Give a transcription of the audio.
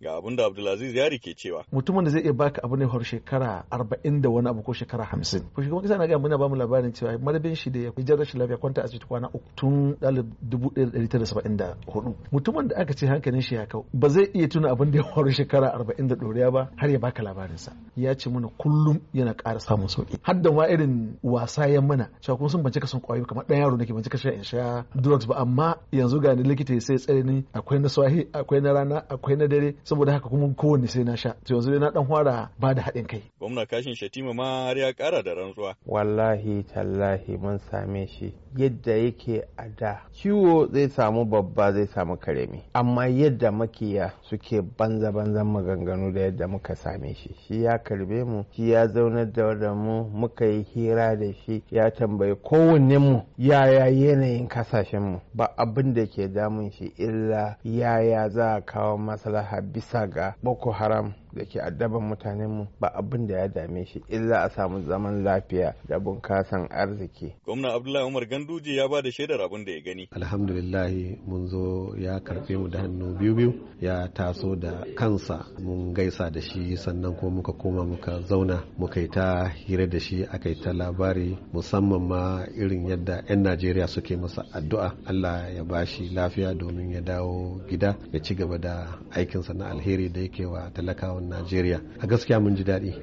ga abin da abdulaziz yari ke cewa mutumin da zai iya baka abu ne har shekara arba'in da wani abu ko shekara hamsin ko shugaban kasa na ga muna bamu labarin cewa madadin shi da ya hijar rashin lafiya kwanta asibiti kwana uku tun dalib dubu ɗaya da ɗari tara saba'in da hudu mutumin da aka ce hankalin shi ya kau ba zai iya tuna abin da ya faru shekara arba'in da ɗoriya ba har ya baka labarinsa ya ce mana kullum yana ƙara samun sauƙi har da ma irin wasa ya mana cewa kun sun bancika sun ƙwayoyi kamar ɗan yaro nake ka sha in sha drugs ba amma yanzu ga ni likita sai tsare ni akwai na swahi akwai na rana akwai na dare saboda haka kuma kowanne sai na sha to yanzu dai na dan fara ba da haɗin kai gwamna kashin shatima ma har ya ƙara da rantsuwa wallahi tallahi mun same shi yadda yake a da ciwo zai samu babba zai samu karemi amma yadda makiya suke banza banzan maganganu da yadda muka same shi shi ya karbe mu shi ya zauna da mu muka yi hira da shi ya tambayi kowanne mu yaya yanayin kasashen mu ba abin da ke damun shi illa yaya za a kawo maslaha isaga boko haramu da ke addaban mutanenmu ba abin da ya dame shi illa a samu zaman lafiya da bunkasan arziki. Gwamna Abdullahi Umar Ganduje ya ba da shaidar abin da ya gani. Alhamdulillah mun zo ya karfe mu da hannu biyu biyu ya taso da kansa mun gaisa da shi sannan kuma muka koma muka zauna muka yi ta hira da shi aka kai ta labari musamman ma irin yadda 'yan Najeriya suke masa addu'a Allah ya bashi lafiya domin ya dawo gida ya ci gaba da aikinsa na alheri da yake wa talakawa Najeriya. A gaskiya mun ji daɗi.